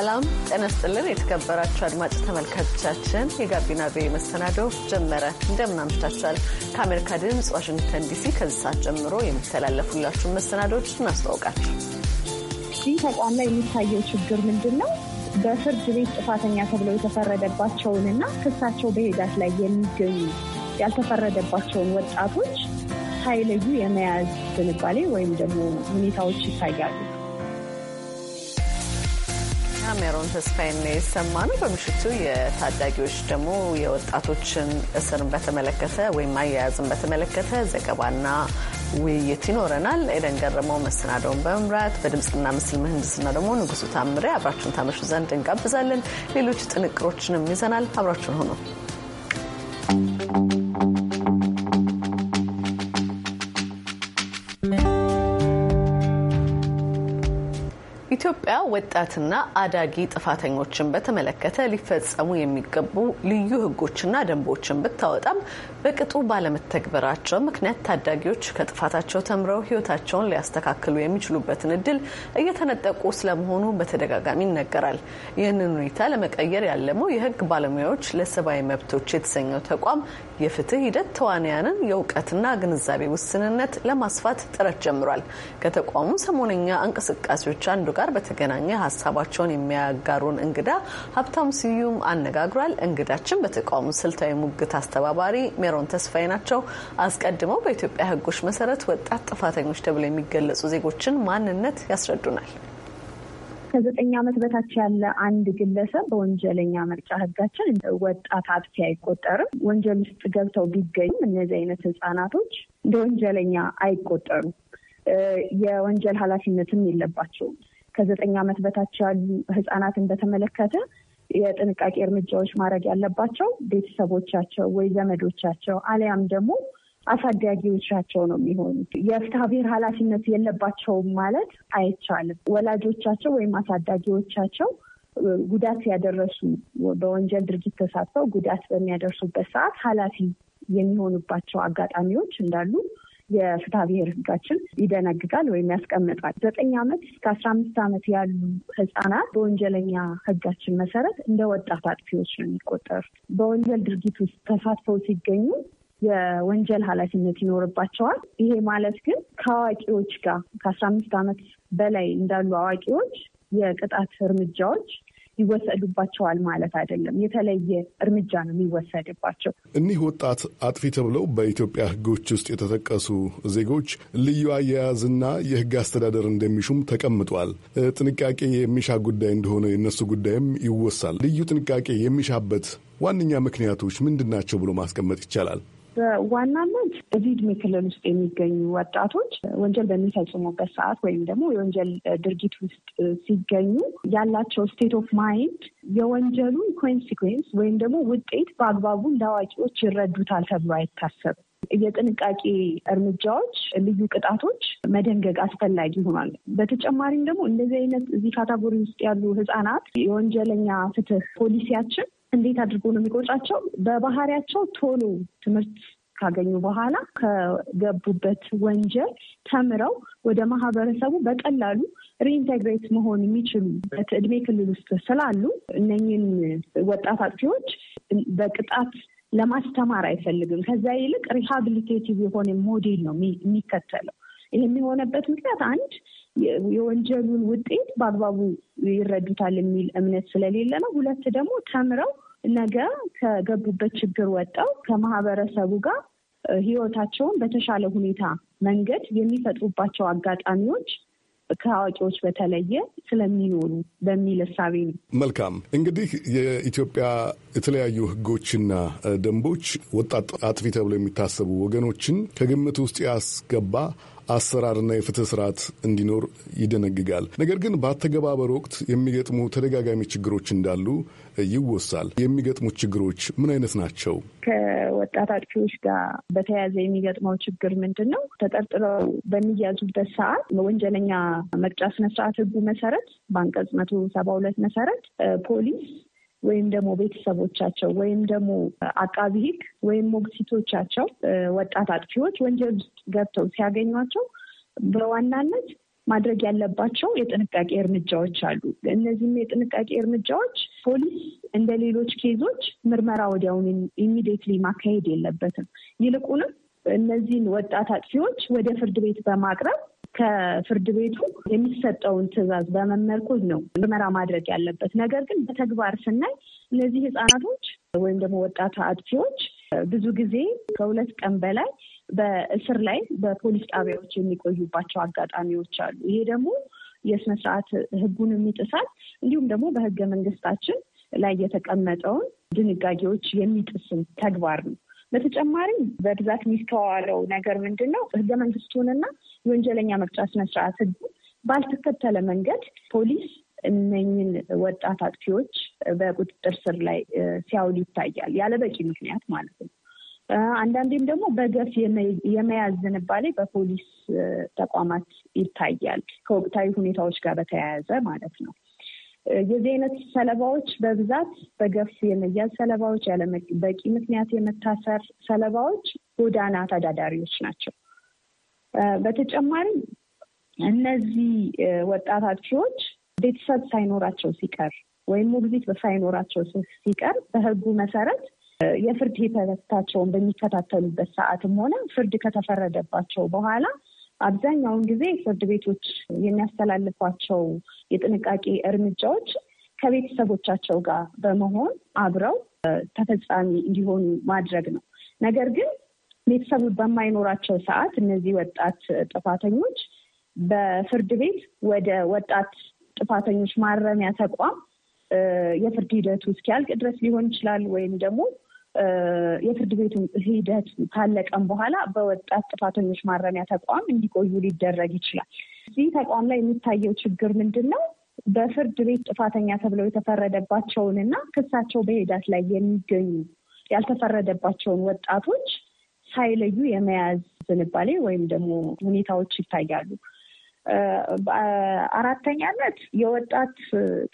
ሰላም ጤና ይስጥልን። የተከበራችሁ አድማጭ ተመልካቾቻችን የጋቢና ቤ መሰናዶው ጀመረ። እንደምን ከአሜሪካ ድምፅ ዋሽንግተን ዲሲ ከዚህ ሰዓት ጀምሮ የሚተላለፉላችሁን መሰናዶዎች እናስተዋውቃችሁ። ይህ ተቋም ላይ የሚታየው ችግር ምንድን ነው? በፍርድ ቤት ጥፋተኛ ተብለው የተፈረደባቸውንና ክሳቸው በሂደት ላይ የሚገኙ ያልተፈረደባቸውን ወጣቶች ሳይለዩ የመያዝ ዝንባሌ ወይም ደግሞ ሁኔታዎች ይታያሉ። ሜሮን ተስፋዬን የሰማ ነው። በምሽቱ የታዳጊዎች ደግሞ የወጣቶችን እስርን በተመለከተ ወይም አያያዝን በተመለከተ ዘገባና ውይይት ይኖረናል። ኤደን ገረመው መሰናደውን በመምራት በድምፅና ምስል ምህንድስና ደግሞ ንጉሱ ታምሬ አብራችሁን ታመሹ ዘንድ እንጋብዛለን። ሌሎች ጥንቅሮችንም ይዘናል። አብራችሁን ሆኖ ወጣትና አዳጊ ጥፋተኞችን በተመለከተ ሊፈጸሙ የሚገቡ ልዩ ሕጎችና ደንቦችን ብታወጣም በቅጡ ባለመተግበራቸው ምክንያት ታዳጊዎች ከጥፋታቸው ተምረው ሕይወታቸውን ሊያስተካክሉ የሚችሉበትን እድል እየተነጠቁ ስለመሆኑ በተደጋጋሚ ይነገራል። ይህንን ሁኔታ ለመቀየር ያለመው የህግ ባለሙያዎች ለሰብአዊ መብቶች የተሰኘው ተቋም የፍትህ ሂደት ተዋንያንን የእውቀትና ግንዛቤ ውስንነት ለማስፋት ጥረት ጀምሯል። ከተቋሙ ሰሞነኛ እንቅስቃሴዎች አንዱ ጋር በተገናኘ በተገናኘ ሀሳባቸውን የሚያጋሩን እንግዳ ሀብታሙ ስዩም አነጋግሯል። እንግዳችን በተቃውሞ ስልታዊ ሙግት አስተባባሪ ሜሮን ተስፋዬ ናቸው። አስቀድመው በኢትዮጵያ ሕጎች መሰረት ወጣት ጥፋተኞች ተብለው የሚገለጹ ዜጎችን ማንነት ያስረዱናል። ከዘጠኝ ዓመት በታች ያለ አንድ ግለሰብ በወንጀለኛ መርጫ ህጋችን ወጣት አጥፊ አይቆጠርም። ወንጀል ውስጥ ገብተው ቢገኙም እነዚህ አይነት ህጻናቶች እንደ ወንጀለኛ አይቆጠሩም። የወንጀል ኃላፊነትም የለባቸውም። ከዘጠኝ ዓመት በታች ያሉ ህጻናትን በተመለከተ የጥንቃቄ እርምጃዎች ማድረግ ያለባቸው ቤተሰቦቻቸው ወይ ዘመዶቻቸው አሊያም ደግሞ አሳዳጊዎቻቸው ነው የሚሆኑት። የፍትሐ ብሔር ኃላፊነት የለባቸውም ማለት አይቻልም። ወላጆቻቸው ወይም አሳዳጊዎቻቸው ጉዳት ያደረሱ በወንጀል ድርጊት ተሳትፈው ጉዳት በሚያደርሱበት ሰዓት ኃላፊ የሚሆኑባቸው አጋጣሚዎች እንዳሉ የፍትሐ ብሔር ህጋችን ይደነግጋል ወይም ያስቀምጣል። ዘጠኝ ዓመት እስከ አስራ አምስት ዓመት ያሉ ህጻናት በወንጀለኛ ህጋችን መሰረት እንደ ወጣት አጥፊዎች ነው የሚቆጠሩት። በወንጀል ድርጊት ውስጥ ተሳትፈው ሲገኙ የወንጀል ኃላፊነት ይኖርባቸዋል። ይሄ ማለት ግን ከአዋቂዎች ጋር ከአስራ አምስት ዓመት በላይ እንዳሉ አዋቂዎች የቅጣት እርምጃዎች ይወሰዱባቸዋል ማለት አይደለም። የተለየ እርምጃ ነው የሚወሰድባቸው። እኒህ ወጣት አጥፊ ተብለው በኢትዮጵያ ሕጎች ውስጥ የተጠቀሱ ዜጎች ልዩ አያያዝና የሕግ አስተዳደር እንደሚሹም ተቀምጧል። ጥንቃቄ የሚሻ ጉዳይ እንደሆነ የነሱ ጉዳይም ይወሳል። ልዩ ጥንቃቄ የሚሻበት ዋነኛ ምክንያቶች ምንድን ናቸው ብሎ ማስቀመጥ ይቻላል? በዋናነት እዚህ እድሜ ክልል ውስጥ የሚገኙ ወጣቶች ወንጀል በሚፈጽሙበት ሰዓት ወይም ደግሞ የወንጀል ድርጊት ውስጥ ሲገኙ ያላቸው ስቴት ኦፍ ማይንድ የወንጀሉን ኮንሲኩዌንስ ወይም ደግሞ ውጤት በአግባቡ ለአዋቂዎች ይረዱታል ተብሎ አይታሰብም። የጥንቃቄ እርምጃዎች፣ ልዩ ቅጣቶች መደንገግ አስፈላጊ ሆኗል። በተጨማሪም ደግሞ እንደዚህ አይነት እዚህ ካታጎሪ ውስጥ ያሉ ህጻናት የወንጀለኛ ፍትህ ፖሊሲያችን እንዴት አድርጎ ነው የሚቆጫቸው? በባህሪያቸው ቶሎ ትምህርት ካገኙ በኋላ ከገቡበት ወንጀል ተምረው ወደ ማህበረሰቡ በቀላሉ ሪኢንቴግሬት መሆን የሚችሉበት እድሜ ክልል ውስጥ ስላሉ እነኝን ወጣት አጥፊዎች በቅጣት ለማስተማር አይፈልግም። ከዚያ ይልቅ ሪሃብሊቴቲቭ የሆነ ሞዴል ነው የሚከተለው። ይህ የሚሆነበት ምክንያት አንድ የወንጀሉን ውጤት በአግባቡ ይረዱታል የሚል እምነት ስለሌለ ነው። ሁለት ደግሞ ተምረው ነገ ከገቡበት ችግር ወጠው ከማህበረሰቡ ጋር ህይወታቸውን በተሻለ ሁኔታ መንገድ የሚፈጥሩባቸው አጋጣሚዎች ከአዋቂዎች በተለየ ስለሚኖሩ በሚል እሳቤ ነው። መልካም እንግዲህ የኢትዮጵያ የተለያዩ ህጎችና ደንቦች ወጣት አጥፊ ተብሎ የሚታሰቡ ወገኖችን ከግምት ውስጥ ያስገባ አሰራርና የፍትህ ስርዓት እንዲኖር ይደነግጋል። ነገር ግን በአተገባበር ወቅት የሚገጥሙ ተደጋጋሚ ችግሮች እንዳሉ ይወሳል። የሚገጥሙ ችግሮች ምን አይነት ናቸው? ከወጣት አጥፊዎች ጋር በተያያዘ የሚገጥመው ችግር ምንድን ነው? ተጠርጥረው በሚያዙበት ሰዓት ወንጀለኛ መቅጫ ስነስርዓት ህጉ መሰረት በአንቀጽ መቶ ሰባ ሁለት መሰረት ፖሊስ ወይም ደግሞ ቤተሰቦቻቸው ወይም ደግሞ አቃቢ ሕግ ወይም ሞግሲቶቻቸው ወጣት አጥፊዎች ወንጀል ውስጥ ገብተው ሲያገኟቸው በዋናነት ማድረግ ያለባቸው የጥንቃቄ እርምጃዎች አሉ። እነዚህም የጥንቃቄ እርምጃዎች ፖሊስ እንደ ሌሎች ኬዞች ምርመራ ወዲያውን ኢሚዲየትሊ ማካሄድ የለበትም። ይልቁንም እነዚህን ወጣት አጥፊዎች ወደ ፍርድ ቤት በማቅረብ ከፍርድ ቤቱ የሚሰጠውን ትዕዛዝ በመመርኮዝ ነው ምርመራ ማድረግ ያለበት። ነገር ግን በተግባር ስናይ እነዚህ ህጻናቶች ወይም ደግሞ ወጣት አጥፊዎች ብዙ ጊዜ ከሁለት ቀን በላይ በእስር ላይ በፖሊስ ጣቢያዎች የሚቆዩባቸው አጋጣሚዎች አሉ። ይሄ ደግሞ የስነ ስርዓት ህጉን የሚጥሳል እንዲሁም ደግሞ በህገ መንግስታችን ላይ የተቀመጠውን ድንጋጌዎች የሚጥስም ተግባር ነው። በተጨማሪም በብዛት የሚስተዋለው ነገር ምንድን ነው? ህገ መንግስቱንና የወንጀለኛ መቅጫ ስነስርዓት ህጉ ባልተከተለ መንገድ ፖሊስ እነኝን ወጣት አጥፊዎች በቁጥጥር ስር ላይ ሲያውል ይታያል፣ ያለ በቂ ምክንያት ማለት ነው። አንዳንዴም ደግሞ በገፍ የመያዝ ዝንባሌ በፖሊስ ተቋማት ይታያል፣ ከወቅታዊ ሁኔታዎች ጋር በተያያዘ ማለት ነው። የዚህ አይነት ሰለባዎች በብዛት በገፍ የመያዝ ሰለባዎች፣ ያለ በቂ ምክንያት የመታሰር ሰለባዎች ጎዳና ተዳዳሪዎች ናቸው። በተጨማሪም እነዚህ ወጣት አጥፊዎች ቤተሰብ ሳይኖራቸው ሲቀር ወይም ሞግዚት ሳይኖራቸው ሲቀር በሕጉ መሰረት የፍርድ ሂደታቸውን በሚከታተሉበት ሰዓትም ሆነ ፍርድ ከተፈረደባቸው በኋላ አብዛኛውን ጊዜ ፍርድ ቤቶች የሚያስተላልፏቸው የጥንቃቄ እርምጃዎች ከቤተሰቦቻቸው ጋር በመሆን አብረው ተፈጻሚ እንዲሆኑ ማድረግ ነው። ነገር ግን ቤተሰቡ በማይኖራቸው ሰዓት እነዚህ ወጣት ጥፋተኞች በፍርድ ቤት ወደ ወጣት ጥፋተኞች ማረሚያ ተቋም የፍርድ ሂደቱ እስኪያልቅ ድረስ ሊሆን ይችላል ወይም ደግሞ የፍርድ ቤቱን ሂደት ካለቀም በኋላ በወጣት ጥፋተኞች ማረሚያ ተቋም እንዲቆዩ ሊደረግ ይችላል። እዚህ ተቋም ላይ የሚታየው ችግር ምንድን ነው? በፍርድ ቤት ጥፋተኛ ተብለው የተፈረደባቸውንና ክሳቸው በሂደት ላይ የሚገኙ ያልተፈረደባቸውን ወጣቶች ሳይለዩ የመያዝ ዝንባሌ ወይም ደግሞ ሁኔታዎች ይታያሉ። አራተኛነት የወጣት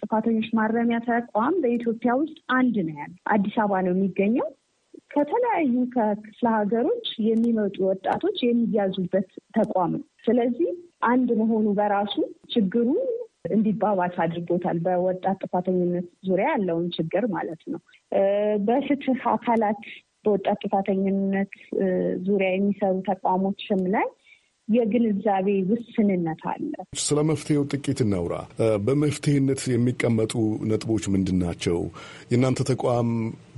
ጥፋተኞች ማረሚያ ተቋም በኢትዮጵያ ውስጥ አንድ ነው ያለ አዲስ አበባ ነው የሚገኘው። ከተለያዩ ከክፍለ ሀገሮች የሚመጡ ወጣቶች የሚያዙበት ተቋም ነው። ስለዚህ አንድ መሆኑ በራሱ ችግሩ እንዲባባስ አድርጎታል። በወጣት ጥፋተኝነት ዙሪያ ያለውን ችግር ማለት ነው። በፍትህ አካላት በወጣት ጥፋተኝነት ዙሪያ የሚሰሩ ተቋሞችም ላይ የግንዛቤ ውስንነት አለ። ስለ መፍትሄው ጥቂት እናውራ። በመፍትሄነት የሚቀመጡ ነጥቦች ምንድን ናቸው? የእናንተ ተቋም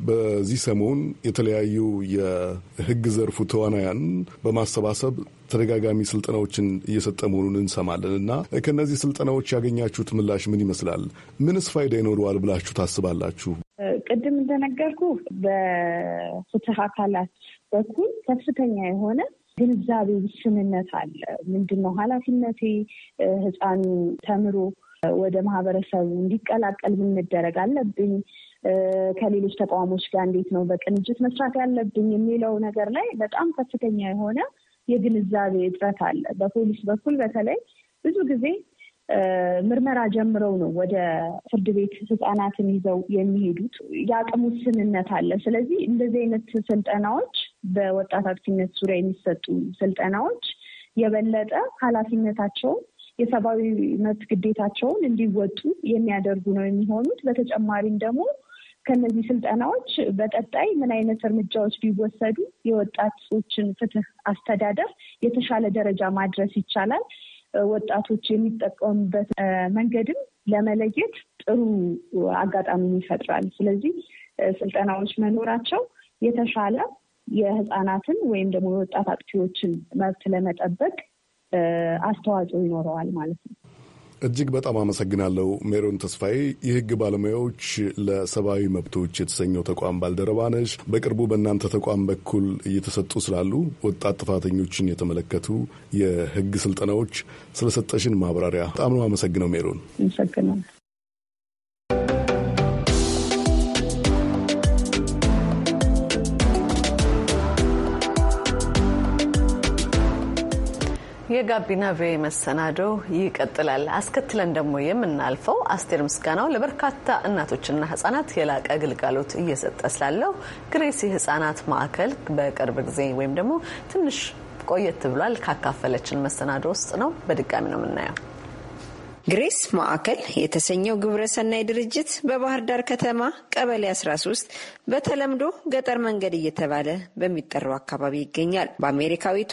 በዚህ ሰሞን የተለያዩ የህግ ዘርፉ ተዋናያን በማሰባሰብ ተደጋጋሚ ስልጠናዎችን እየሰጠ መሆኑን እንሰማለን እና ከእነዚህ ስልጠናዎች ያገኛችሁት ምላሽ ምን ይመስላል? ምንስ ፋይዳ ይኖረዋል ብላችሁ ታስባላችሁ? ቅድም እንደነገርኩ በፍትህ አካላት በኩል ከፍተኛ የሆነ ግንዛቤ ውስንነት አለ። ምንድን ነው ኃላፊነቴ ህፃን ተምሮ ወደ ማህበረሰቡ እንዲቀላቀል ምንደረግ አለብኝ ከሌሎች ተቋሞች ጋር እንዴት ነው በቅንጅት መስራት ያለብኝ የሚለው ነገር ላይ በጣም ከፍተኛ የሆነ የግንዛቤ እጥረት አለ። በፖሊስ በኩል በተለይ ብዙ ጊዜ ምርመራ ጀምረው ነው ወደ ፍርድ ቤት ህፃናትን ይዘው የሚሄዱት። የአቅም ውስንነት አለ። ስለዚህ እንደዚህ አይነት ስልጠናዎች በወጣት አጥፊነት ዙሪያ የሚሰጡ ስልጠናዎች የበለጠ ኃላፊነታቸውን የሰብአዊ መብት ግዴታቸውን እንዲወጡ የሚያደርጉ ነው የሚሆኑት። በተጨማሪም ደግሞ ከነዚህ ስልጠናዎች በቀጣይ ምን አይነት እርምጃዎች ቢወሰዱ የወጣቶችን ፍትህ አስተዳደር የተሻለ ደረጃ ማድረስ ይቻላል፣ ወጣቶች የሚጠቀሙበት መንገድም ለመለየት ጥሩ አጋጣሚ ይፈጥራል። ስለዚህ ስልጠናዎች መኖራቸው የተሻለ የህፃናትን ወይም ደግሞ የወጣት አጥፊዎችን መብት ለመጠበቅ አስተዋጽኦ ይኖረዋል ማለት ነው። እጅግ በጣም አመሰግናለሁ ሜሮን ተስፋዬ፣ የህግ ባለሙያዎች ለሰብአዊ መብቶች የተሰኘው ተቋም ባልደረባ ነሽ። በቅርቡ በእናንተ ተቋም በኩል እየተሰጡ ስላሉ ወጣት ጥፋተኞችን የተመለከቱ የህግ ስልጠናዎች ስለሰጠሽን ማብራሪያ በጣም ነው አመሰግነው ሜሮን። አመሰግናለሁ። የጋቢና ቪ መሰናዶ ይቀጥላል። አስከትለን ደግሞ የምናልፈው አስቴር ምስጋናው ለበርካታ እናቶችና ህጻናት የላቀ ግልጋሎት እየሰጠ ስላለው ግሬሲ ህጻናት ማዕከል በቅርብ ጊዜ ወይም ደግሞ ትንሽ ቆየት ብሏል ካካፈለችን መሰናዶ ውስጥ ነው። በድጋሚ ነው የምናየው። ግሬስ ማዕከል የተሰኘው ግብረሰናይ ድርጅት በባህር ዳር ከተማ ቀበሌ 13 በተለምዶ ገጠር መንገድ እየተባለ በሚጠራው አካባቢ ይገኛል። በአሜሪካዊቷ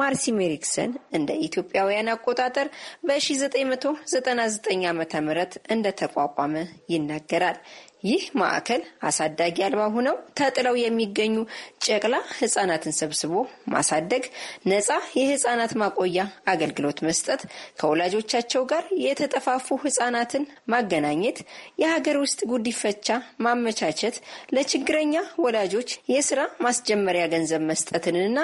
ማርሲ ሜሪክሰን እንደ ኢትዮጵያውያን አቆጣጠር በ1999 ዓ ም እንደተቋቋመ ይናገራል። ይህ ማዕከል አሳዳጊ አልባ ሆነው ተጥለው የሚገኙ ጨቅላ ህጻናትን ሰብስቦ ማሳደግ፣ ነጻ የህጻናት ማቆያ አገልግሎት መስጠት፣ ከወላጆቻቸው ጋር የተጠፋፉ ህጻናትን ማገናኘት፣ የሀገር ውስጥ ጉዲፈቻ ማመቻቸት፣ ለችግረኛ ወላጆች የስራ ማስጀመሪያ ገንዘብ መስጠትንና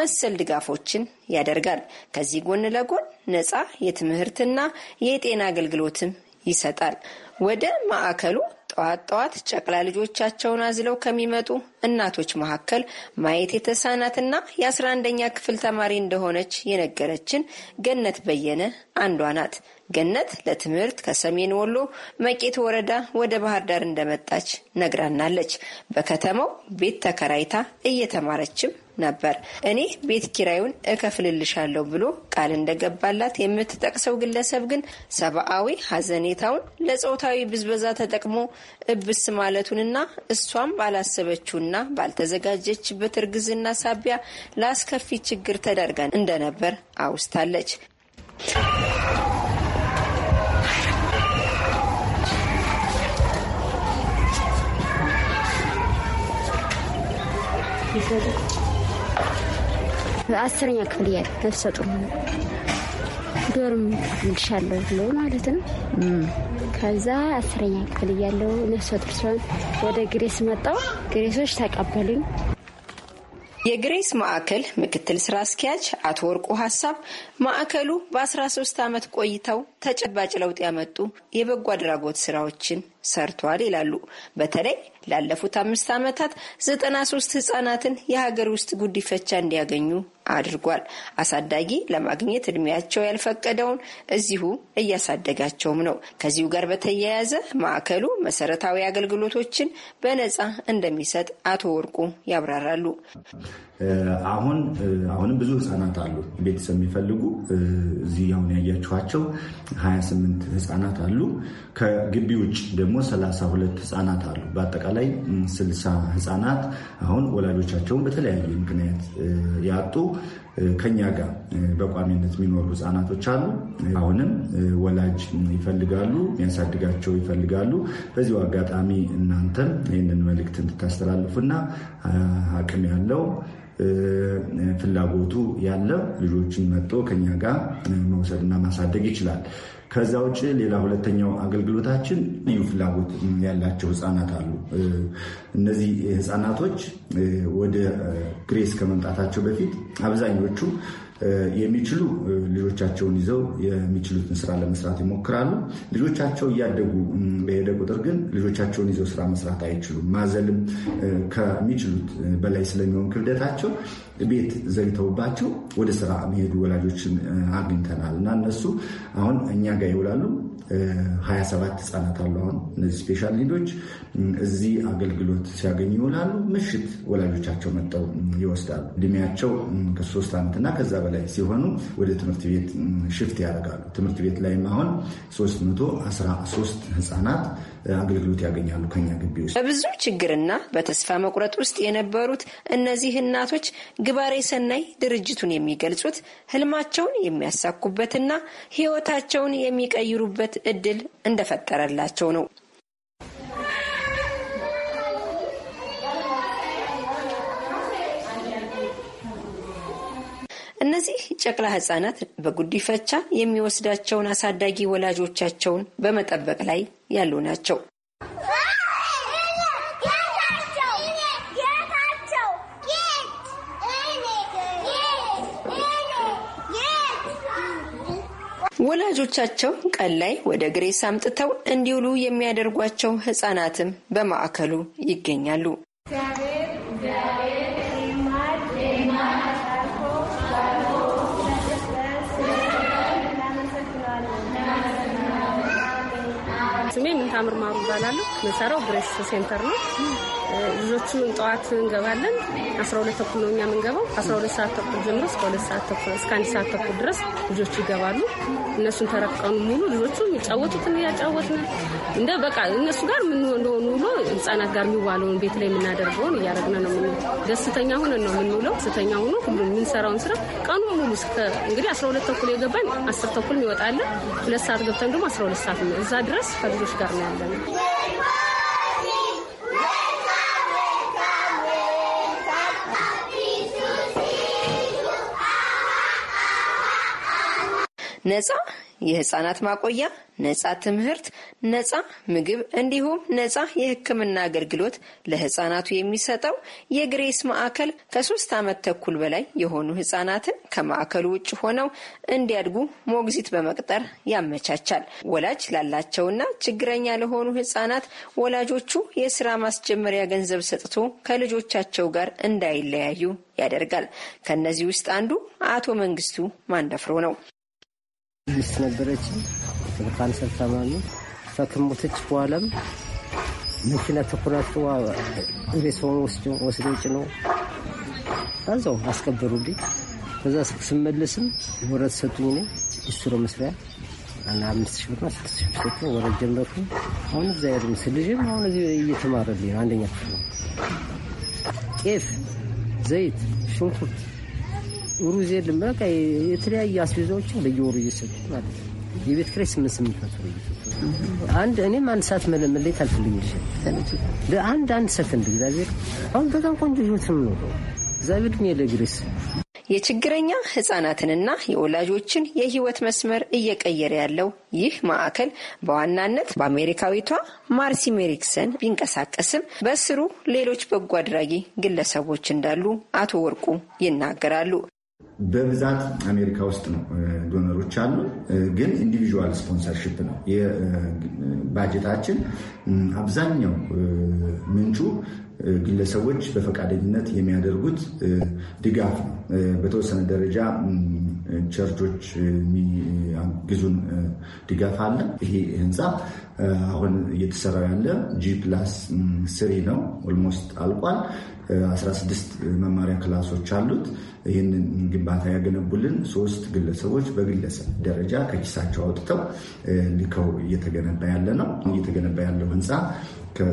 መሰል ድጋፎችን ያደርጋል። ከዚህ ጎን ለጎን ነጻ የትምህርትና የጤና አገልግሎትም ይሰጣል። ወደ ማዕከሉ ጠዋት ጠዋት ጨቅላ ልጆቻቸውን አዝለው ከሚመጡ እናቶች መካከል ማየት የተሳናትና የአስራ አንደኛ ክፍል ተማሪ እንደሆነች የነገረችን ገነት በየነ አንዷ ናት። ገነት ለትምህርት ከሰሜን ወሎ መቄት ወረዳ ወደ ባህር ዳር እንደመጣች ነግራናለች። በከተማው ቤት ተከራይታ እየተማረችም ነበር። እኔ ቤት ኪራዩን እከፍልልሻለሁ ብሎ ቃል እንደገባላት የምትጠቅሰው ግለሰብ ግን ሰብአዊ ሀዘኔታውን ለጾታዊ ብዝበዛ ተጠቅሞ እብስ ማለቱንና እሷም ባላሰበችውና ባልተዘጋጀችበት እርግዝና ሳቢያ ለአስከፊ ችግር ተዳርጋ እንደነበር አውስታለች። አስረኛ ክፍል እያለ ነፍሰጡ ዶርም እልሻለሁ ብሎ ማለት ነው። ከዛ አስረኛ ክፍል እያለሁ ነፍሰጡር ሲሆን ወደ ግሬስ መጣው። ግሬሶች ተቀበሉኝ። የግሬስ ማዕከል ምክትል ስራ አስኪያጅ አቶ ወርቁ ሀሳብ ማዕከሉ በ13 ዓመት ቆይተው ተጨባጭ ለውጥ ያመጡ የበጎ አድራጎት ስራዎችን ሰርቷል ይላሉ። በተለይ ላለፉት አምስት ዓመታት ዘጠና ሶስት ህጻናትን የሀገር ውስጥ ጉዲፈቻ እንዲያገኙ አድርጓል። አሳዳጊ ለማግኘት እድሜያቸው ያልፈቀደውን እዚሁ እያሳደጋቸውም ነው። ከዚሁ ጋር በተያያዘ ማዕከሉ መሰረታዊ አገልግሎቶችን በነጻ እንደሚሰጥ አቶ ወርቁ ያብራራሉ። አሁን አሁንም ብዙ ህጻናት አሉ ቤተሰብ የሚፈልጉ እዚህ አሁን ያያችኋቸው ሀያ ስምንት ህጻናት አሉ ከግቢ ውጭ ደግሞ ደግሞ 32 ህፃናት አሉ። በአጠቃላይ 60 ህፃናት አሁን ወላጆቻቸውን በተለያየ ምክንያት ያጡ ከኛ ጋር በቋሚነት የሚኖሩ ህፃናቶች አሉ። አሁንም ወላጅ ይፈልጋሉ፣ የሚያሳድጋቸው ይፈልጋሉ። በዚሁ አጋጣሚ እናንተም ይህንን መልእክት እንድታስተላልፉና አቅም ያለው ፍላጎቱ ያለ ልጆችን መጥቶ ከኛ ጋር መውሰድና ማሳደግ ይችላል። ከዛ ውጭ ሌላ ሁለተኛው አገልግሎታችን ልዩ ፍላጎት ያላቸው ህፃናት አሉ። እነዚህ ህፃናቶች ወደ ግሬስ ከመምጣታቸው በፊት አብዛኞቹ የሚችሉ ልጆቻቸውን ይዘው የሚችሉትን ስራ ለመስራት ይሞክራሉ። ልጆቻቸው እያደጉ በሄደ ቁጥር ግን ልጆቻቸውን ይዘው ስራ መስራት አይችሉም። ማዘልም ከሚችሉት በላይ ስለሚሆን ክብደታቸው ቤት ዘግተውባቸው ወደ ስራ የሚሄዱ ወላጆችን አግኝተናል እና እነሱ አሁን እኛ ጋር ይውላሉ። 27 ህጻናት አሉ። አሁን እነዚህ ስፔሻል ኒዶች እዚህ አገልግሎት ሲያገኙ ይውላሉ። ምሽት ወላጆቻቸው መጠው ይወስዳሉ። እድሜያቸው ከሶስት ዓመትና ከዛ በላይ ሲሆኑ ወደ ትምህርት ቤት ሽፍት ያደርጋሉ። ትምህርት ቤት ላይም አሁን 313 ህጻናት አገልግሎት ያገኛሉ ከኛ ግቢ ውስጥ። በብዙ ችግርና በተስፋ መቁረጥ ውስጥ የነበሩት እነዚህ እናቶች ግባሬ ሰናይ ድርጅቱን የሚገልጹት ህልማቸውን የሚያሳኩበትና ህይወታቸውን የሚቀይሩበት እድል እንደፈጠረላቸው ነው። እነዚህ ጨቅላ ህጻናት በጉዲፈቻ የሚወስዳቸውን አሳዳጊ ወላጆቻቸውን በመጠበቅ ላይ ያሉ ናቸው። ወላጆቻቸው ቀን ላይ ወደ ግሬስ አምጥተው እንዲውሉ የሚያደርጓቸው ህጻናትም በማዕከሉ ይገኛሉ። ስሜ ምንታምር ማሩ እባላለሁ። የምሰራው ብሬስ ሴንተር ነው። ልጆቹን ጠዋት እንገባለን። አስራ ሁለት ተኩል ነው እኛ የምንገባው። አስራ ሁለት ሰዓት ተኩል ጀምሮ እስከ ሁለት ሰዓት ተኩል እስከ አንድ ሰዓት ተኩል ድረስ ልጆቹ ይገባሉ። እነሱን ተረቀኑ ሙሉ ልጆቹ የሚጫወቱትን እያጫወትን እንደ በቃ እነሱ ጋር ምን እንደሆኑ ውሎ ህጻናት ጋር የሚዋለውን ቤት ላይ የምናደርገውን እያደረግን ነው። ምን ደስተኛ ሆነን ነው የምንውለው። ደስተኛ ሆኖ ሁሉ የምንሰራውን ስራ ቀኑ ሙሉ እንግዲህ አስራ ሁለት ተኩል የገባን አስር ተኩል ይወጣለን። ሁለት ሰዓት ገብተን ደግሞ አስራ ሁለት ሰዓት እዛ ድረስ ከልጆች ጋር ነው ያለነው። ነጻ የህፃናት ማቆያ፣ ነጻ ትምህርት፣ ነጻ ምግብ እንዲሁም ነጻ የህክምና አገልግሎት ለህፃናቱ የሚሰጠው የግሬስ ማዕከል ከሶስት ዓመት ተኩል በላይ የሆኑ ህፃናትን ከማዕከሉ ውጭ ሆነው እንዲያድጉ ሞግዚት በመቅጠር ያመቻቻል። ወላጅ ላላቸውና ችግረኛ ለሆኑ ህፃናት ወላጆቹ የስራ ማስጀመሪያ ገንዘብ ሰጥቶ ከልጆቻቸው ጋር እንዳይለያዩ ያደርጋል። ከእነዚህ ውስጥ አንዱ አቶ መንግስቱ ማንደፍሮ ነው። ልጅ ነበረች ካንሰር ታማሚ እሷ በኋላም መኪና ተኮናቶ ሬሳውን ወስደው ጭነው እዛው አስቀበሩልኝ። ከዛ ስመለስም ወረት ሰጡኝ። እኔ ስድስት መስሪያ እና አምስት ሺህ ብርና ስድስት ሺህ ብር ሰጥተው ወረት ጀመርኩ። አሁን እዛ ያለ ምስል ልጅም አሁን እየተማረልኝ ነው። አንደኛ ክፍል ነው። ጤፍ ዘይት፣ ሽንኩርት ሩዝ የለም። በቃ የተለያዩ አስቤዛዎችን በየወሩ እየሰጡ ማለት ነው። የቤት ኪራይ ስምንት ስምንት መቶ ብር አንድ እኔም አንድ ሰዓት መለመለየት አልፈልግም። አንድ አንድ ሰከንድ እግዚአብሔር አሁን በጣም ቆንጆ ህይወት ነው ነው እግዚአብሔር ግን ለግሬስ የችግረኛ ህጻናትንና የወላጆችን የህይወት መስመር እየቀየረ ያለው ይህ ማዕከል በዋናነት በአሜሪካዊቷ ማርሲ ሜሪክሰን ቢንቀሳቀስም በስሩ ሌሎች በጎ አድራጊ ግለሰቦች እንዳሉ አቶ ወርቁ ይናገራሉ። በብዛት አሜሪካ ውስጥ ነው ዶነሮች አሉ፣ ግን ኢንዲቪዥዋል ስፖንሰርሽፕ ነው። ባጀታችን አብዛኛው ምንጩ ግለሰቦች በፈቃደኝነት የሚያደርጉት ድጋፍ ነው። በተወሰነ ደረጃ ቸርቾች የሚያግዙን ድጋፍ አለ። ይሄ ህንፃ አሁን እየተሰራ ያለ ጂ ፕላስ ስሪ ነው። ኦልሞስት አልቋል። 16 መማሪያ ክላሶች አሉት። ይህንን ግንባታ ያገነቡልን ሶስት ግለሰቦች በግለሰብ ደረጃ ከኪሳቸው አውጥተው ልከው እየተገነባ ያለ ነው። እየተገነባ ያለው ህንፃ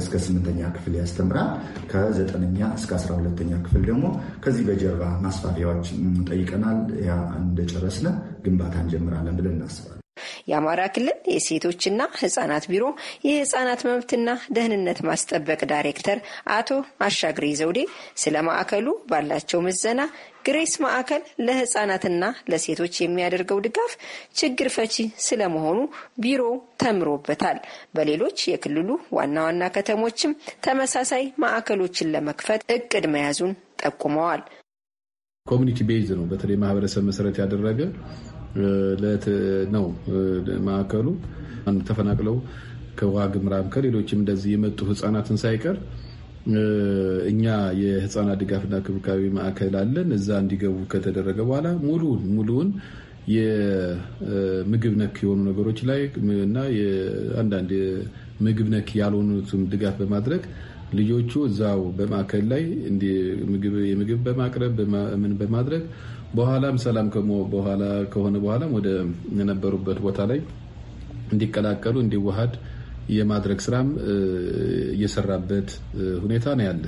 እስከ ስምንተኛ ክፍል ያስተምራል። ከዘጠነኛ እስከ አስራ ሁለተኛ ክፍል ደግሞ ከዚህ በጀርባ ማስፋፊያዎች ጠይቀናል። ያ እንደጨረስነ ግንባታ እንጀምራለን ብለን እናስባለን። የአማራ ክልል የሴቶችና ህጻናት ቢሮ የህጻናት መብትና ደህንነት ማስጠበቅ ዳይሬክተር አቶ አሻግሬ ዘውዴ ስለ ማዕከሉ ባላቸው ምዘና ግሬስ ማዕከል ለህጻናትና ለሴቶች የሚያደርገው ድጋፍ ችግር ፈቺ ስለመሆኑ ቢሮው ተምሮበታል። በሌሎች የክልሉ ዋና ዋና ከተሞችም ተመሳሳይ ማዕከሎችን ለመክፈት እቅድ መያዙን ጠቁመዋል። ኮሚኒቲ ቤዝ ነው። በተለይ ማህበረሰብ መሰረት ያደረገ ነው ማዕከሉ ተፈናቅለው ከውሃ ግምራም ከሌሎችም እንደዚህ የመጡ ህፃናትን ሳይቀር እኛ የህፃናት ድጋፍና ክብካቤ ማዕከል አለን። እዛ እንዲገቡ ከተደረገ በኋላ ሙሉውን ሙሉውን የምግብ ነክ የሆኑ ነገሮች ላይ እና አንዳንድ ምግብ ነክ ያልሆኑትም ድጋፍ በማድረግ ልጆቹ እዛው በማዕከል ላይ የምግብ በማቅረብ ምን በማድረግ በኋላም ሰላም በኋላ ከሆነ በኋላም ወደ ነበሩበት ቦታ ላይ እንዲቀላቀሉ እንዲዋሃድ የማድረግ ስራም እየሰራበት ሁኔታ ነው ያለ።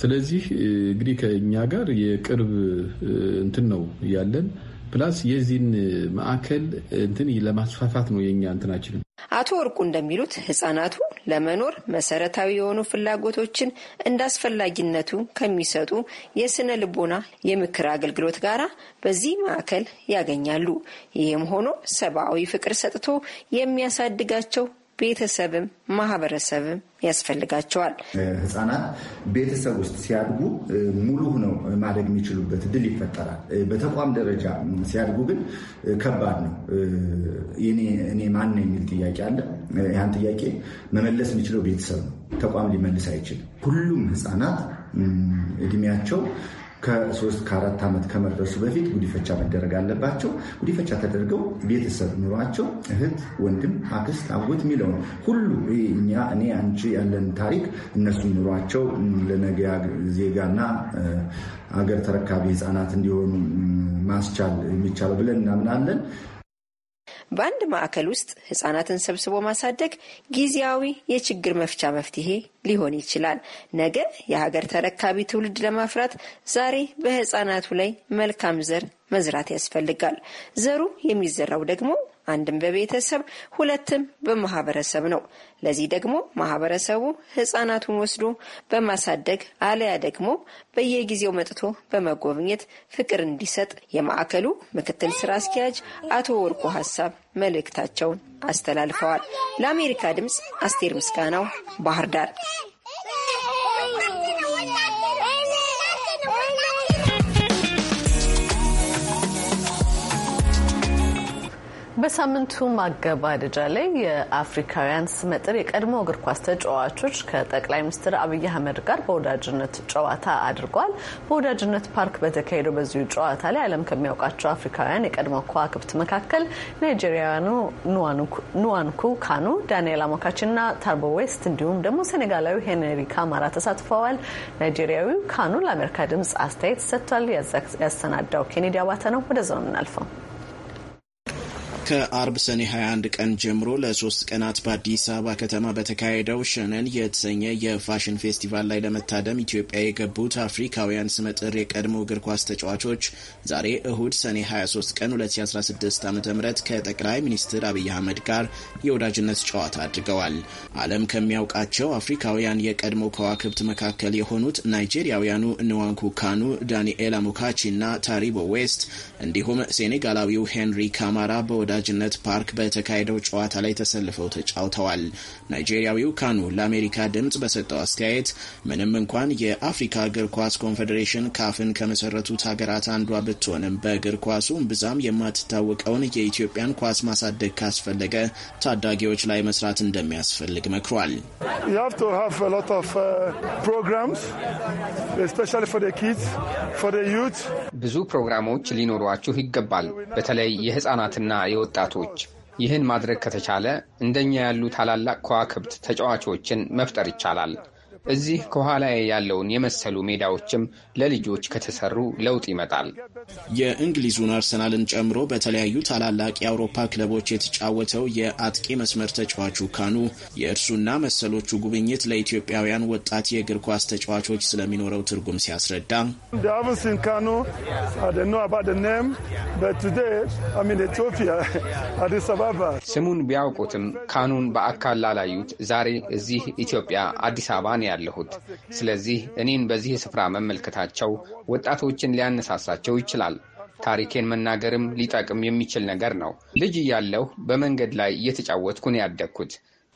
ስለዚህ እንግዲህ ከእኛ ጋር የቅርብ እንትን ነው ያለን። ፕላስ የዚህን ማዕከል እንትን ለማስፋፋት ነው የእኛ እንትናችንም አቶ ወርቁ እንደሚሉት ህጻናቱ ለመኖር መሰረታዊ የሆኑ ፍላጎቶችን እንደ አስፈላጊነቱ ከሚሰጡ የስነ ልቦና የምክር አገልግሎት ጋራ በዚህ ማዕከል ያገኛሉ። ይህም ሆኖ ሰብአዊ ፍቅር ሰጥቶ የሚያሳድጋቸው ቤተሰብም ማህበረሰብም ያስፈልጋቸዋል። ህጻናት ቤተሰብ ውስጥ ሲያድጉ ሙሉ ሆነው ማደግ የሚችሉበት ድል ይፈጠራል። በተቋም ደረጃ ሲያድጉ ግን ከባድ ነው። እኔ ማን ነው የሚል ጥያቄ አለ። ያን ጥያቄ መመለስ የሚችለው ቤተሰብ ነው። ተቋም ሊመልስ አይችልም። ሁሉም ህጻናት እድሜያቸው ከሶስት ከአራት ዓመት ከመድረሱ በፊት ጉዲፈቻ መደረግ አለባቸው። ጉዲፈቻ ተደርገው ቤተሰብ ኑሯቸው እህት፣ ወንድም፣ አክስት፣ አጎት የሚለው ነው ሁሉ እኛ እኔ አንቺ ያለን ታሪክ እነሱ ኑሯቸው ለነገ ዜጋና አገር ተረካቢ ህፃናት እንዲሆኑ ማስቻል የሚቻለው ብለን እናምናለን። በአንድ ማዕከል ውስጥ ህጻናትን ሰብስቦ ማሳደግ ጊዜያዊ የችግር መፍቻ መፍትሄ ሊሆን ይችላል። ነገ የሀገር ተረካቢ ትውልድ ለማፍራት ዛሬ በህጻናቱ ላይ መልካም ዘር መዝራት ያስፈልጋል። ዘሩ የሚዘራው ደግሞ አንድም በቤተሰብ ሁለትም በማህበረሰብ ነው። ለዚህ ደግሞ ማህበረሰቡ ህጻናቱን ወስዶ በማሳደግ አለያ ደግሞ በየጊዜው መጥቶ በመጎብኘት ፍቅር እንዲሰጥ የማዕከሉ ምክትል ስራ አስኪያጅ አቶ ወርቁ ሀሳብ መልእክታቸውን አስተላልፈዋል። ለአሜሪካ ድምፅ አስቴር ምስጋናው ባህር ዳር በሳምንቱ ማገባደጃ ላይ የአፍሪካውያን ስመጥር የቀድሞ እግር ኳስ ተጫዋቾች ከጠቅላይ ሚኒስትር አብይ አህመድ ጋር በወዳጅነት ጨዋታ አድርጓል። በወዳጅነት ፓርክ በተካሄደው በዚሁ ጨዋታ ላይ ዓለም ከሚያውቃቸው አፍሪካውያን የቀድሞ ከዋክብት መካከል ናይጄሪያውያኑ ኑዋንኩ ካኑ፣ ዳንኤል ና ታርቦ ዌስት እንዲሁም ደግሞ ሴኔጋላዊ ሄነሪ ካማራ ተሳትፈዋል። ናይጄሪያዊው ካኑ ለአሜሪካ ድምጽ አስተያየት ሰጥቷል። ያሰናዳው ኬኔዲ አባተ ነው። ወደዛው እናልፈው። ከአርብ ሰኔ 21 ቀን ጀምሮ ለሶስት ቀናት በአዲስ አበባ ከተማ በተካሄደው ሸነን የተሰኘ የፋሽን ፌስቲቫል ላይ ለመታደም ኢትዮጵያ የገቡት አፍሪካውያን ስመጥር የቀድሞ እግር ኳስ ተጫዋቾች ዛሬ እሁድ ሰኔ 23 ቀን 2016 ዓ ም ከጠቅላይ ሚኒስትር አብይ አህመድ ጋር የወዳጅነት ጨዋታ አድርገዋል። ዓለም ከሚያውቃቸው አፍሪካውያን የቀድሞ ከዋክብት መካከል የሆኑት ናይጄሪያውያኑ ንዋንኩ ካኑ፣ ዳንኤል አሙካቺ እና ታሪቦ ዌስት እንዲሁም ሴኔጋላዊው ሄንሪ ካማራ በወዳ። ወዳጅነት ፓርክ በተካሄደው ጨዋታ ላይ ተሰልፈው ተጫውተዋል። ናይጄሪያዊው ካኑ ለአሜሪካ ድምፅ በሰጠው አስተያየት ምንም እንኳን የአፍሪካ እግር ኳስ ኮንፌዴሬሽን ካፍን ከመሰረቱት ሀገራት አንዷ ብትሆንም በእግር ኳሱ ብዛም የማትታወቀውን የኢትዮጵያን ኳስ ማሳደግ ካስፈለገ ታዳጊዎች ላይ መስራት እንደሚያስፈልግ መክሯል። uh, ብዙ ፕሮግራሞች ሊኖሯችሁ ይገባል። በተለይ የህፃናትና የ ወጣቶች። ይህን ማድረግ ከተቻለ እንደኛ ያሉ ታላላቅ ከዋክብት ተጫዋቾችን መፍጠር ይቻላል። እዚህ ከኋላ ያለውን የመሰሉ ሜዳዎችም ለልጆች ከተሰሩ ለውጥ ይመጣል። የእንግሊዙን አርሰናልን ጨምሮ በተለያዩ ታላላቅ የአውሮፓ ክለቦች የተጫወተው የአጥቂ መስመር ተጫዋቹ ካኑ የእርሱና መሰሎቹ ጉብኝት ለኢትዮጵያውያን ወጣት የእግር ኳስ ተጫዋቾች ስለሚኖረው ትርጉም ሲያስረዳ ስሙን ቢያውቁትም ካኑን በአካል ላላዩት ዛሬ እዚህ ኢትዮጵያ አዲስ አበባ ነው ያለሁት። ስለዚህ እኔን በዚህ ስፍራ መመልከታቸው ወጣቶችን ሊያነሳሳቸው ይችላል። ታሪኬን መናገርም ሊጠቅም የሚችል ነገር ነው። ልጅ እያለሁ በመንገድ ላይ እየተጫወትኩ ነው ያደግኩት፣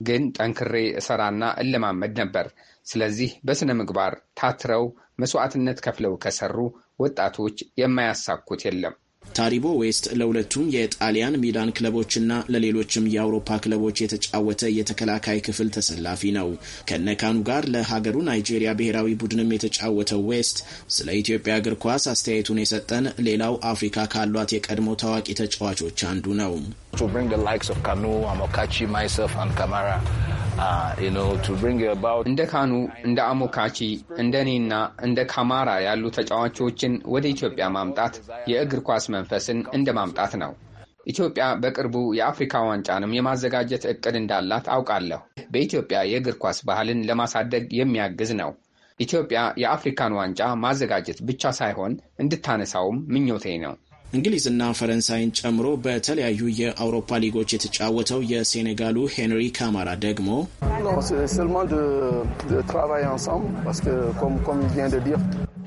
ግን ጠንክሬ እሰራና እለማመድ ነበር። ስለዚህ በሥነ ምግባር ታትረው መስዋዕትነት ከፍለው ከሰሩ ወጣቶች የማያሳኩት የለም። ታሪቦ ዌስት ለሁለቱም የጣሊያን ሚላን ክለቦችና ለሌሎችም የአውሮፓ ክለቦች የተጫወተ የተከላካይ ክፍል ተሰላፊ ነው። ከነካኑ ጋር ለሀገሩ ናይጄሪያ ብሔራዊ ቡድንም የተጫወተው ዌስት ስለ ኢትዮጵያ እግር ኳስ አስተያየቱን የሰጠን ሌላው አፍሪካ ካሏት የቀድሞ ታዋቂ ተጫዋቾች አንዱ ነው። uh, እንደ ካኑ፣ እንደ አሞካቺ፣ እንደ እኔና እንደ ካማራ ያሉ ተጫዋቾችን ወደ ኢትዮጵያ ማምጣት የእግር ኳስ መንፈስን እንደ ማምጣት ነው። ኢትዮጵያ በቅርቡ የአፍሪካ ዋንጫንም የማዘጋጀት እቅድ እንዳላት አውቃለሁ። በኢትዮጵያ የእግር ኳስ ባህልን ለማሳደግ የሚያግዝ ነው። ኢትዮጵያ የአፍሪካን ዋንጫ ማዘጋጀት ብቻ ሳይሆን እንድታነሳውም ምኞቴ ነው። እንግሊዝና ፈረንሳይን ጨምሮ በተለያዩ የአውሮፓ ሊጎች የተጫወተው የሴኔጋሉ ሄንሪ ካማራ ደግሞ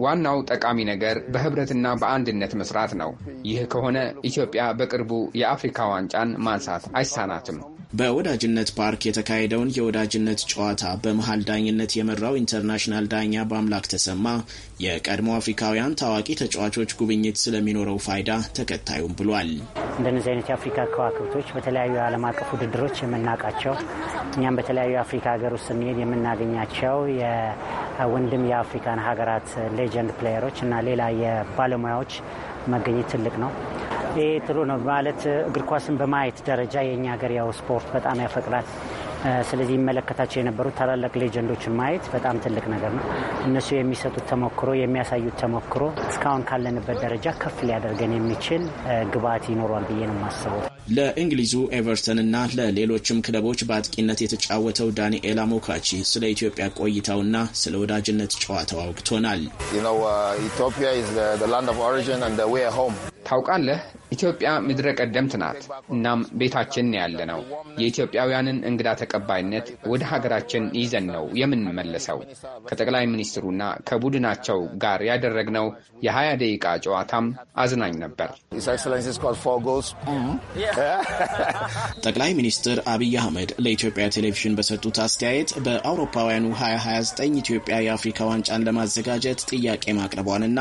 ዋናው ጠቃሚ ነገር በህብረትና በአንድነት መስራት ነው። ይህ ከሆነ ኢትዮጵያ በቅርቡ የአፍሪካ ዋንጫን ማንሳት አይሳናትም። በወዳጅነት ፓርክ የተካሄደውን የወዳጅነት ጨዋታ በመሀል ዳኝነት የመራው ኢንተርናሽናል ዳኛ በአምላክ ተሰማ የቀድሞ አፍሪካውያን ታዋቂ ተጫዋቾች ጉብኝት ስለሚኖረው ፋይዳ ተከታዩም ብሏል። እንደነዚህ አይነት የአፍሪካ ከዋክብቶች በተለያዩ የዓለም አቀፍ ውድድሮች የምናውቃቸው እኛም በተለያዩ የአፍሪካ ሀገር ውስጥ ስንሄድ የምናገኛቸው የወንድም የአፍሪካን ሀገራት ሌጀንድ ፕሌየሮች እና ሌላ የባለሙያዎች መገኘት ትልቅ ነው። ይህ ጥሩ ነው ማለት እግር ኳስን በማየት ደረጃ የእኛ ሀገር ያው ስፖርት በጣም ያፈቅራል። ስለዚህ የሚመለከታቸው የነበሩት ታላላቅ ሌጀንዶችን ማየት በጣም ትልቅ ነገር ነው። እነሱ የሚሰጡት ተሞክሮ፣ የሚያሳዩት ተሞክሮ እስካሁን ካለንበት ደረጃ ከፍ ሊያደርገን የሚችል ግብዓት ይኖሯል ብዬ ነው የማስበው። ለእንግሊዙ ኤቨርተን እና ለሌሎችም ክለቦች በአጥቂነት የተጫወተው ዳንኤል አሞካቺ ስለ ኢትዮጵያ ቆይታውና ስለ ወዳጅነት ጨዋታው አውግቶናል። uh, ታውቃለህ ኢትዮጵያ ምድረ ቀደምት ናት። እናም ቤታችን ያለ ነው። የኢትዮጵያውያንን እንግዳ ተቀባይነት ወደ ሀገራችን ይዘን ነው የምንመለሰው። ከጠቅላይ ሚኒስትሩና ከቡድናቸው ጋር ያደረግነው የሀያ ደቂቃ ጨዋታም አዝናኝ ነበር። ጠቅላይ ሚኒስትር አብይ አህመድ ለኢትዮጵያ ቴሌቪዥን በሰጡት አስተያየት በአውሮፓውያኑ 2029 ኢትዮጵያ የአፍሪካ ዋንጫን ለማዘጋጀት ጥያቄ ማቅረቧንና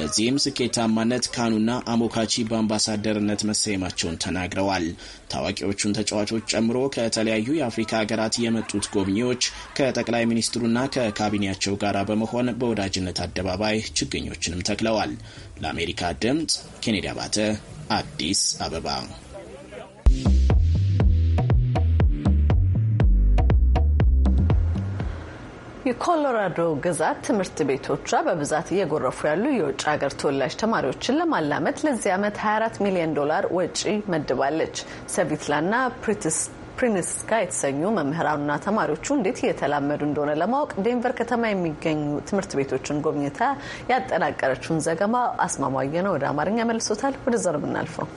ለዚህም ስኬታማነት ካኑና አሞካቺ በአምባሳ አምባሳደርነት መሰየማቸውን ተናግረዋል። ታዋቂዎቹን ተጫዋቾች ጨምሮ ከተለያዩ የአፍሪካ ሀገራት የመጡት ጎብኚዎች ከጠቅላይ ሚኒስትሩና ከካቢኔያቸው ጋር በመሆን በወዳጅነት አደባባይ ችግኞችንም ተክለዋል። ለአሜሪካ ድምፅ ኬኔዲ አባተ አዲስ አበባ። የኮሎራዶ ግዛት ትምህርት ቤቶቿ በብዛት እየጎረፉ ያሉ የውጭ ሀገር ተወላጅ ተማሪዎችን ለማላመድ ለዚህ ዓመት 24 ሚሊዮን ዶላር ወጪ መድባለች። ሰቪትላና ፕሪንስካ የተሰኙ መምህራኑና ተማሪዎቹ እንዴት እየተላመዱ እንደሆነ ለማወቅ ዴንቨር ከተማ የሚገኙ ትምህርት ቤቶችን ጎብኝታ ያጠናቀረችውን ዘገባ አስማማየ ነው ወደ አማርኛ መልሶታል። ወደዛ ነው የምናልፈው።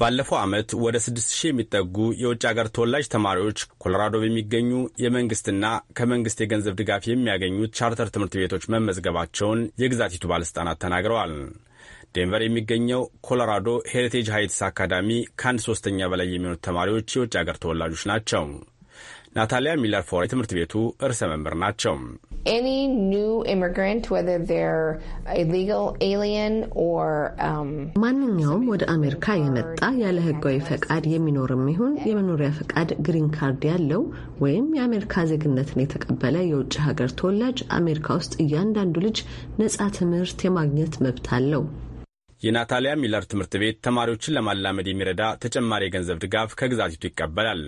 ባለፈው ዓመት ወደ 6000 የሚጠጉ የውጭ አገር ተወላጅ ተማሪዎች ኮሎራዶ በሚገኙ የመንግስትና ከመንግስት የገንዘብ ድጋፍ የሚያገኙ ቻርተር ትምህርት ቤቶች መመዝገባቸውን የግዛቲቱ ባለሥልጣናት ተናግረዋል። ዴንቨር የሚገኘው ኮሎራዶ ሄሪቴጅ ሃይትስ አካዳሚ ከአንድ ሶስተኛ በላይ የሚሆኑት ተማሪዎች የውጭ አገር ተወላጆች ናቸው። ናታሊያ ሚለር ፎር የትምህርት ቤቱ እርሰ መምህር ናቸው። um, ማንኛውም ወደ አሜሪካ የመጣ ያለ ሕጋዊ ፈቃድ የሚኖርም ይሁን የመኖሪያ ፈቃድ ግሪን ካርድ ያለው ወይም የአሜሪካ ዜግነትን የተቀበለ የውጭ ሀገር ተወላጅ አሜሪካ ውስጥ እያንዳንዱ ልጅ ነጻ ትምህርት የማግኘት መብት አለው። የናታሊያ ሚለር ትምህርት ቤት ተማሪዎችን ለማላመድ የሚረዳ ተጨማሪ የገንዘብ ድጋፍ ከግዛቲቱ ይቀበላል።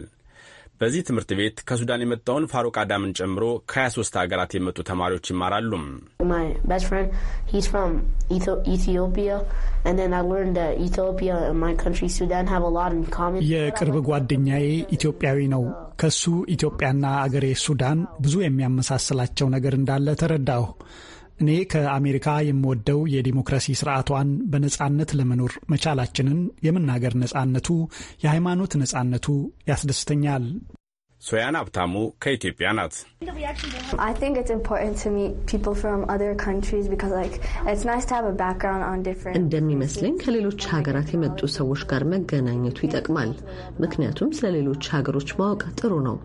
በዚህ ትምህርት ቤት ከሱዳን የመጣውን ፋሩቅ አዳምን ጨምሮ ከ23 ሀገራት የመጡ ተማሪዎች ይማራሉ። የቅርብ ጓደኛዬ ኢትዮጵያዊ ነው። ከሱ ኢትዮጵያና አገሬ ሱዳን ብዙ የሚያመሳስላቸው ነገር እንዳለ ተረዳሁ። እኔ ከአሜሪካ የምወደው የዲሞክራሲ ስርዓቷን በነጻነት ለመኖር መቻላችንን፣ የመናገር ነጻነቱ፣ የሃይማኖት ነጻነቱ ያስደስተኛል። ሶያን ሀብታሙ ከኢትዮጵያ ናት። እንደሚመስለኝ ከሌሎች ሀገራት የመጡ ሰዎች ጋር መገናኘቱ ይጠቅማል። ምክንያቱም ስለ ሌሎች ሀገሮች ማወቅ ጥሩ ነው።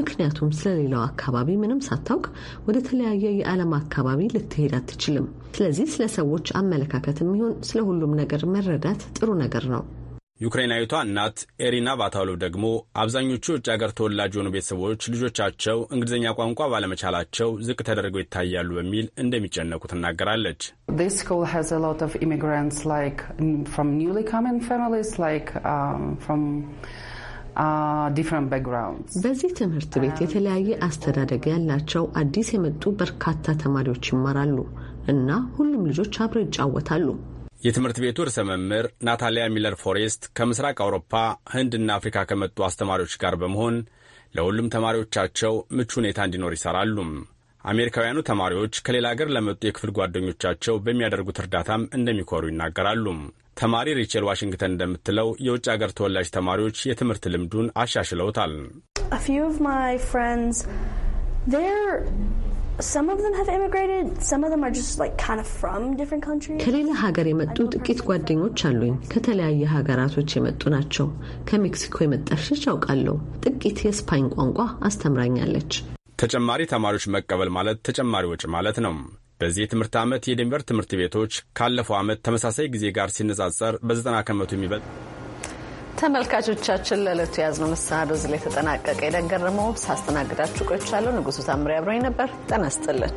ምክንያቱም ስለ ሌላው አካባቢ ምንም ሳታውቅ ወደ ተለያየ የዓለም አካባቢ ልትሄድ አትችልም። ስለዚህ ስለ ሰዎች አመለካከት የሚሆን ስለ ሁሉም ነገር መረዳት ጥሩ ነገር ነው። ዩክሬናዊቷ እናት ኤሪና ቫታሎቭ ደግሞ አብዛኞቹ የውጭ አገር ተወላጅ የሆኑ ቤተሰቦች ልጆቻቸው እንግሊዝኛ ቋንቋ ባለመቻላቸው ዝቅ ተደርገው ይታያሉ በሚል እንደሚጨነቁ ትናገራለች። um, uh, በዚህ ትምህርት ቤት የተለያየ አስተዳደግ ያላቸው አዲስ የመጡ በርካታ ተማሪዎች ይማራሉ እና ሁሉም ልጆች አብረው ይጫወታሉ። የትምህርት ቤቱ ርዕሰ መምህር ናታሊያ ሚለር ፎሬስት ከምስራቅ አውሮፓ ህንድና አፍሪካ ከመጡ አስተማሪዎች ጋር በመሆን ለሁሉም ተማሪዎቻቸው ምቹ ሁኔታ እንዲኖር ይሰራሉ። አሜሪካውያኑ ተማሪዎች ከሌላ አገር ለመጡ የክፍል ጓደኞቻቸው በሚያደርጉት እርዳታም እንደሚኮሩ ይናገራሉ። ተማሪ ሪቸል ዋሽንግተን እንደምትለው የውጭ አገር ተወላጅ ተማሪዎች የትምህርት ልምዱን አሻሽለውታል። ከሌላ ሀገር የመጡ ጥቂት ጓደኞች አሉኝ። ከተለያየ ሀገራቶች የመጡ ናቸው። ከሜክሲኮ የመጣሽች አውቃለሁ። ጥቂት የስፓኝ ቋንቋ አስተምራኛለች። ተጨማሪ ተማሪዎች መቀበል ማለት ተጨማሪ ወጪ ማለት ነው። በዚህ የትምህርት ዓመት የዴንቨር ትምህርት ቤቶች ካለፈው ዓመት ተመሳሳይ ጊዜ ጋር ሲነጻጸር በዘጠና ከመቶ የሚበልጥ ተመልካቾቻችን ለዕለቱ የያዝነው መሰናዶ እዚህ ላይ ተጠናቀቀ። የደንገረመው ሳስተናግዳችሁ ቆይቻለሁ። ንጉሱ ታምሬ አብሮኝ ነበር። ጤና ይስጥልን።